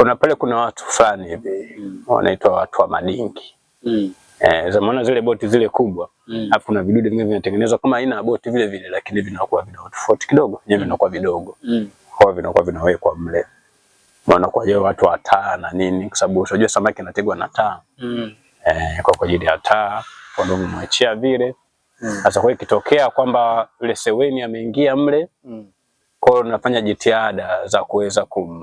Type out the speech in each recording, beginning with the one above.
kuna pale kuna watu fulani hivi mm. wanaitwa watu wa madingi mm. Eh, zamani zile boti zile kubwa mm. alafu mm. kuna vidude vingine vinatengenezwa kama aina ya boti vile vile, lakini vinakuwa vina tofauti kidogo, yenyewe mm. vinakuwa vidogo mm. kwa vinakuwa vinawekwa mle maana kwa hiyo watu wa taa na nini, kwa sababu unajua samaki anategwa na taa mm. eh, kwa kwa ajili ya taa kwa ndio mwachia vile mm. sasa mm. kwa ikitokea kwamba yule seweni ameingia mle mm. kwa hiyo nafanya jitihada za kuweza kum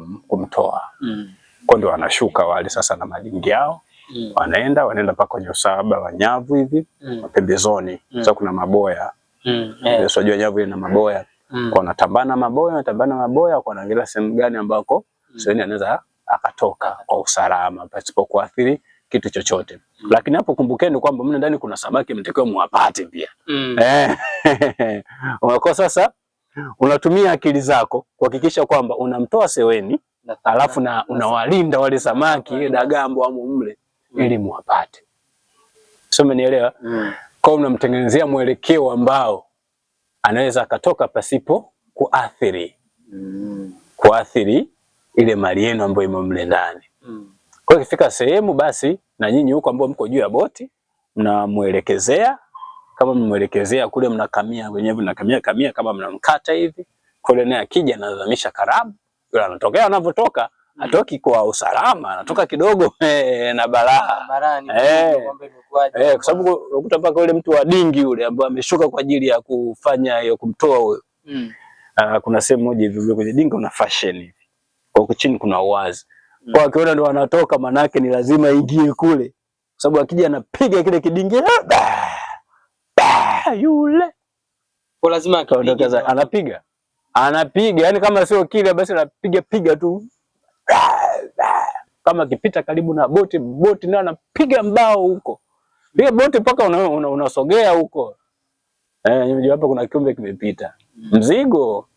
kumtoa mm. Kwa ndio wanashuka wale sasa na malingi yao mm. Wanaenda wanaenda mpaka kwenye usaba wa nyavu hivi mm. Pembezoni mm. Sasa kuna maboya mm. Yeah. So, jua nyavu ina maboya mm. Kwa wanatambana maboya wanatambana maboya kwa wanaangalia sehemu gani ambako mm. sioni anaweza akatoka kwa usalama pasipo kuathiri kitu chochote mm. Lakini hapo kumbukeni kwamba mna ndani kuna samaki mtakiwa muwapate pia mm. Unako sasa unatumia akili zako kuhakikisha kwamba unamtoa seweni alafu na unawalinda wale samaki dagambo au mle mm. ili muwapate. Sio, umenielewa? Mm. Kwa unamtengenezea mwelekeo ambao anaweza akatoka pasipo kuathiri mm. kuathiri ile mali yenu ambayo imo mle ndani mm. Kwa ikifika sehemu basi, na nyinyi huko ambao mko juu ya boti mnamwelekezea, kama mmwelekezea kule, mnakamia wenyewe, mnakamia kamia, kama mnamkata hivi kule, naye akija anazamisha karabu kwa anatokea anavyotoka mm. atoki kwa usalama, anatoka kidogo eh, na balaa ah, eh, eh, kwa sababu unakuta mpaka yule mtu wa dingi yule ambaye ameshuka kwa ajili ya kufanya hiyo kumtoa huyo mm. Uh, kuna sehemu moja hivi kwenye dingi una fashion hivi kwa chini kuna uwazi mm. Kwa akiona ndio anatoka, manake ni lazima ingie kule, kwa sababu akija anapiga kile kidingi ah, ba, bah, yule kwa lazima akaondoka, anapiga anapiga yani, kama sio kile basi anapiga piga tu, kama akipita karibu na boti boti nayo anapiga mbao huko, pia boti mpaka unasogea una, una huko eh, hapo kuna kiumbe kimepita, mzigo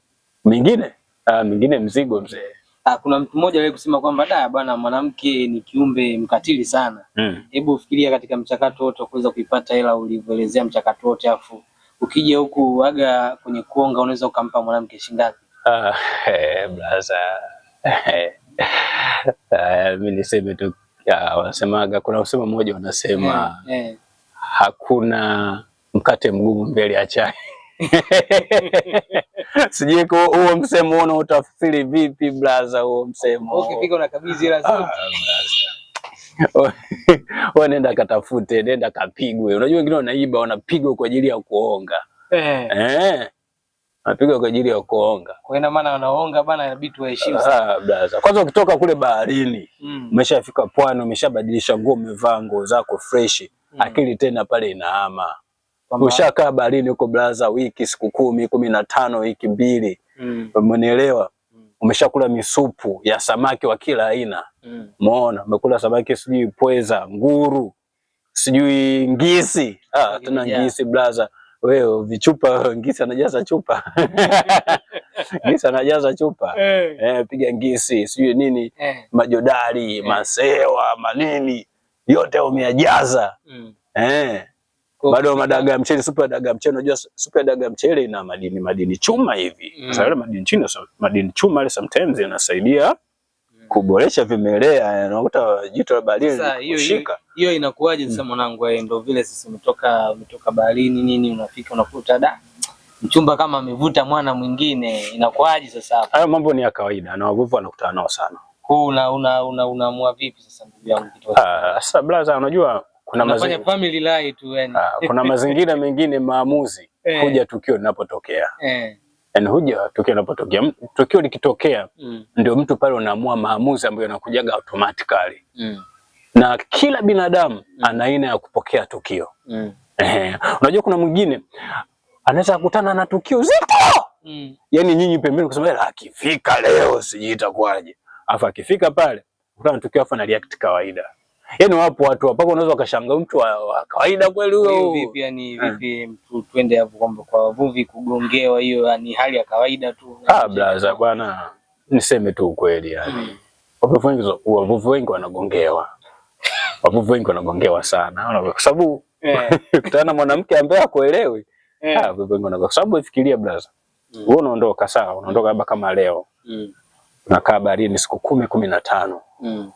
mwingine ah, mwingine mzigo mzee. Ah, kuna mtu mmoja aliye kusema kwamba da bwana, mwanamke ni kiumbe mkatili sana. Hmm. Hebu mm, fikiria katika mchakato wote kuweza kuipata hela ulivyoelezea mchakato wote afu ukija huku waga kwenye kuonga unaweza ukampa mwanamke shingapi? Ah, hey, blaza hey. Uh, niseme tu wanasemaga, kuna usema mmoja wanasema hey, eh, eh. hey. Hakuna mkate mgumu mbele ya chai sijui huo msemo una utafsiri vipi brother, huo msemo ukipika unakabidhi lazima wewe nenda katafute, nenda kapigwe. Unajua wengine wanaiba wanapigwa kwa ajili ya kuonga eh, eh wanapigwa kwa ajili ya kuonga. Kwa ina maana wanaonga bana, inabidi tuheshimu sana. Ah brother, kwanza ukitoka kule baharini mm. umeshafika pwani, umeshabadilisha nguo, umevaa nguo zako fresh mm. akili tena pale inahama ushakaa baharini huko brother wiki siku kumi kumi na tano wiki mbili, Mm. Umeelewa? umeshakula misupu ya samaki wa kila aina mm. Umeona, umekula samaki sijui pweza, nguru, sijui ngisi. Ah, tuna ngisi blaza wewe vichupa ngisi anajaza chupa ngisi anajaza chupa hey. Eh. eh, piga ngisi sijui nini hey. Eh. Majodari hey. Eh. Masewa manini yote umeyajaza mm. Eh, bado madaga ya mchele, supu ya daga ya mchele. Unajua supu ya daga ya mchele ina madini madini chuma hivi mm. Sasa yale madini chini, so, madini chuma ile sometimes yanasaidia mm. kuboresha vimelea, unakuta jito la baharini kushika. Hiyo inakuwaje? Mm. Sasa mwanangu, Mm. ndio vile sisi umetoka umetoka baharini nini, unafika unakuta da mchumba kama amevuta mwana mwingine, inakuwaje sasa Hayo mambo ni ya kawaida na wavuvi wanakutana nao sana. Huu una unamua una, una vipi sasa ndugu yangu kitu? Ah, sasa brother, unajua kuna mazingira family lie tu yani. Ah, kuna mazingira mengine maamuzi eh, huja tukio linapotokea eh. Yani huja tukio linapotokea, tukio likitokea mm, ndio mtu pale unaamua maamuzi ambayo yanakujaga automatically mm, na kila binadamu mm, ana aina ya kupokea tukio mm. Eh, unajua kuna mwingine anaweza kukutana na tukio zito mm, yani nyinyi pembeni kusema akifika leo sijui itakuwaje, afa akifika pale kukutana na tukio afa na react kawaida Yaani wapo watu hapa unaweza ukashangaa mtu wa kawaida kweli huyo. Vipi yani vipi ah. mtu twende hapo kwamba kwa wavuvi kugongewa hiyo yani hali ya kawaida tu. Ah, blaza bwana. Niseme tu ukweli yani. Hmm. Wavuvi wengi wavuvi wengi wanagongewa. Wavuvi wengi wanagongewa sana. Kwa sababu eh. kutana mwanamke ambaye akuelewi. Eh. Ah, wavuvi wengi wanagongewa. Kwa sababu fikiria blaza. Hmm. Wewe unaondoka sawa, unaondoka labda kama leo. Mm. Unakaa baharini siku kumi kumi na tano. Hmm.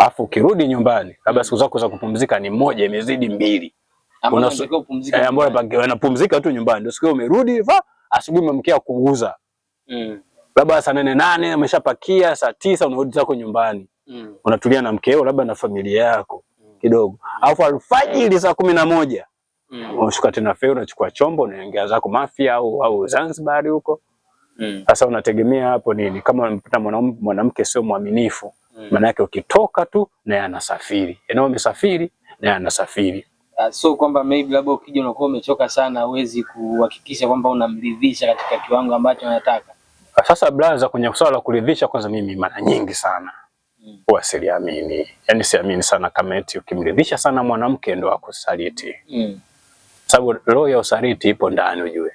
Alafu ukirudi nyumbani, labda siku zako za kupumzika ni moja imezidi mbili, ambayo eh, anapumzika tu nyumbani, ndio siku umerudi, va asubuhi umemkia kuuza mm. labda saa nane nane ameshapakia, saa tisa unarudi zako nyumbani mm. unatulia na mkeo labda na familia yako mm. kidogo, mm. alafu alfajiri saa kumi na moja mm. unashuka tena feo, unachukua chombo unaongea zako Mafia au, au Zanzibar huko mm. sasa mm. unategemea hapo nini kama unampata mwanamke sio mwaminifu Mm. maana yake ukitoka tu na anasafiri, eneo umesafiri na anasafiri. Uh, so kwamba maybe labda ukija unakuwa umechoka sana, huwezi kuhakikisha kwamba unamridhisha katika kiwango ambacho anataka. Ah, sasa blaza, kwenye swala la kuridhisha, kwanza mimi mara nyingi sana mm. huwa siliamini, yani siamini sana kama eti ukimridhisha sana mwanamke ndo akusaliti mm. Sababu roho ya usaliti ipo ndani, ujue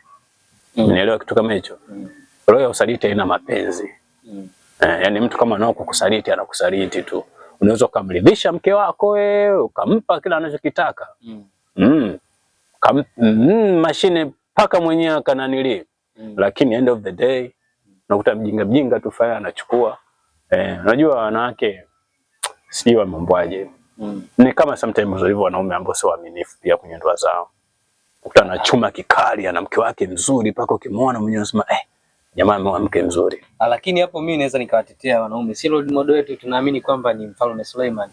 mm. Unaelewa kitu kama hicho mm. Roho ya usaliti haina mapenzi mm. Eh, yani mtu kama nao kukusaliti anakusaliti tu. Unaweza ukamridhisha mke wako wewe, ukampa kila anachokitaka. Mm. Mm. Kam, mm, mashine paka mwenyewe akananili. Mm. Lakini end of the day nakuta mjinga mjinga tu faya anachukua. Eh, unajua wanawake sijui wameombwaje. Mm. Ni kama sometimes walivyo wanaume ambao sio waaminifu pia kwenye ndoa zao. Ukuta anachuma kikali ana mke wake mzuri mpaka ukimwona mwenyewe unasema eh jamaa mwanamke mzuri. Ah, lakini hapo mimi naweza nikawatetea wanaume, si role model wetu tunaamini kwamba ni Mfalme Suleiman.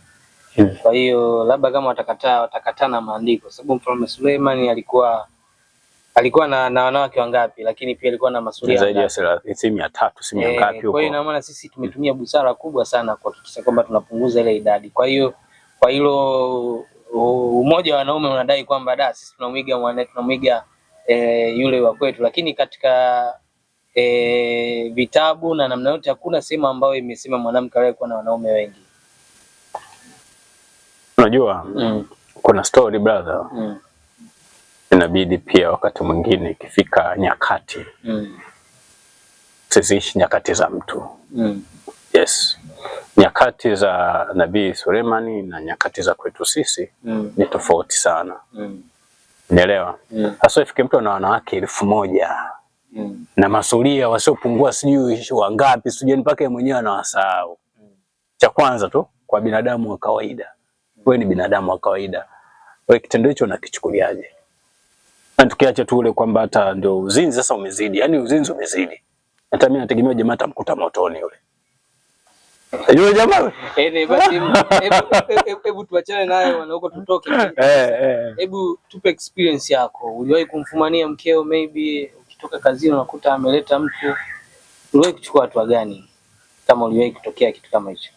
Hmm. Kwa hiyo labda kama watakataa watakataa na maandiko, sababu Mfalme Suleiman alikuwa alikuwa na, na wanawake wangapi? Lakini pia alikuwa na masuria zaidi ya 30, si mia tatu, si mia eh, ngapi huko. Kwa hiyo ina maana sisi tumetumia busara kubwa sana kuhakikisha kwamba tunapunguza ile idadi. Kwa hiyo kwa hilo umoja wa wanaume unadai kwamba da sisi tunamwiga mwanae tunamwiga e, yule wa kwetu, lakini katika e, vitabu na namna yote, hakuna sehemu ambayo imesema mwanamke aliye kuwa na wanaume wengi. Unajua mm. kuna story brother mm. inabidi pia wakati mwingine ikifika nyakati mm. siziishi nyakati za mtu mm. yes nyakati za Nabii Sulemani na nyakati za kwetu sisi mm. ni tofauti sana mm. Unaelewa? mm. mm. ifike mtu na wanawake elfu moja mm. na masuria wasiopungua sijui wangapi sijui, mpaka mwenyewe anawasahau mm. cha kwanza tu kwa binadamu wa kawaida mm. wewe ni binadamu wa kawaida, wewe kitendo hicho unakichukuliaje? Na tukiacha tu ule kwamba hata ndio uzinzi sasa umezidi, yani uzinzi umezidi, hata mimi nategemea jamaa atamkuta motoni yule yule jamaa. Eh, eh, hebu tuachane naye wana huko tutoke. Eh, hebu tupe experience yako, uliwahi kumfumania mkeo maybe kutoka kazini unakuta ameleta mtu, uliwahi kuchukua hatua gani kama uliwahi kutokea kitu kama hicho?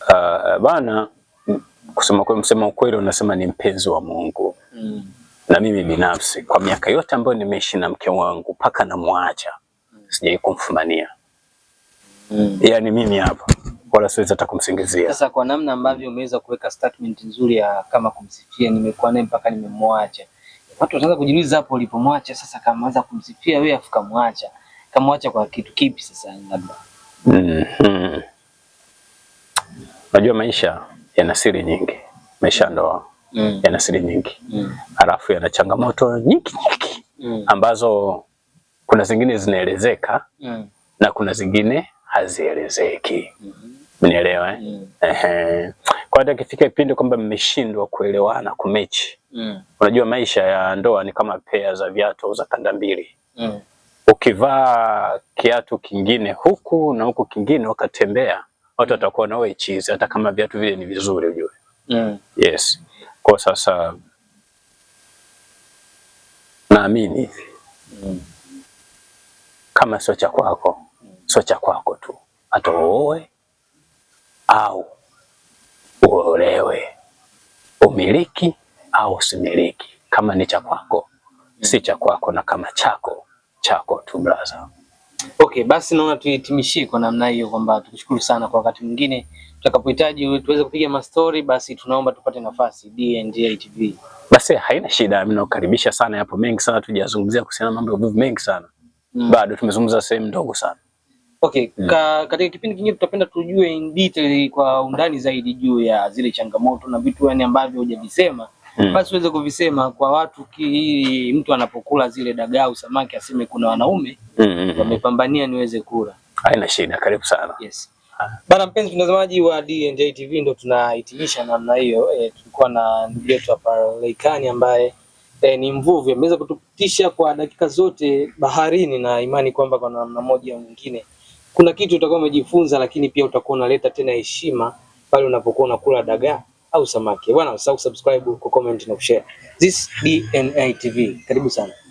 Uh, bana kusema kweli, msema ukweli, unasema ni mpenzi wa Mungu mm. Na mimi binafsi kwa miaka yote ambayo nimeishi na mke wangu mpaka namwacha mm. sijai kumfumania mm. yani mimi hapa wala siwezi hata kumsingizia. Sasa kwa namna ambavyo umeweza kuweka statement nzuri ya kama kumsifia, nimekuwa naye mpaka nimemwacha watu wataanza kujiuliza hapo ulipomwacha. Sasa kama anza kumsifia wewe afu kamwacha, kamwacha kwa kitu kipi? Sasa labda mm -hmm. Unajua maisha yana siri nyingi, maisha ndoa mm. yana siri nyingi mm. alafu yana changamoto nyingi nyingi mm. ambazo kuna zingine zinaelezeka mm. na kuna zingine hazielezeki mm -hmm. Mnielewa eh? mm. Kwa hata kifika kipindi kwamba mmeshindwa kuelewana kumechi. Mm. Unajua maisha ya ndoa ni kama pea za viatu za kanda mbili. Mm. Ukivaa kiatu kingine huku na huku kingine ukatembea, watu mm. watakuwa na wewe chizi hata kama viatu vile ni vizuri ujue. Mm. Yes. Kwa sasa naamini hivi. Mm. Kama sio cha kwako, sio cha kwako tu. Hata uoe au uolewe, umiliki au usimiliki. Kama ni cha kwako, si cha kwako, na kama chako, chako tu brother. Okay, basi naona tuhitimishie kwa namna hiyo, kwamba tukushukuru sana kwa wakati mwingine tutakapohitaji tuweze kupiga mastori, basi tunaomba tupate nafasi D&A TV. Basi haina shida, mimi nakukaribisha sana. Yapo mengi sana tujazungumzia kuhusiana mambo ya uvuvi mengi sana mm. Bado tumezungumza sehemu ndogo sana. Okay, hmm. Ka, katika kipindi kingine tutapenda tujue in detail kwa undani zaidi juu ya zile changamoto na vitu yani ambavyo hujavisema hmm. Basi uweze kuvisema kwa watu ki, mtu anapokula zile dagaa au samaki aseme kuna wanaume hmm, hmm, hmm. wamepambania niweze kula. Haina shida, karibu sana. Yes. Ah. Bana, mpenzi mtazamaji wa D&J TV, ndo tunahitimisha namna hiyo. E, tulikuwa na ndugu yetu hapa Laikani ambaye e, ni mvuvi ameweza kutupitisha kwa dakika zote baharini, na imani kwamba kwa namna moja au nyingine kuna kitu utakuwa umejifunza, lakini pia utakuwa unaleta tena heshima pale unapokuwa unakula dagaa au samaki. Bwana, usahau ku comment na kushare. This DNA TV. Karibu sana.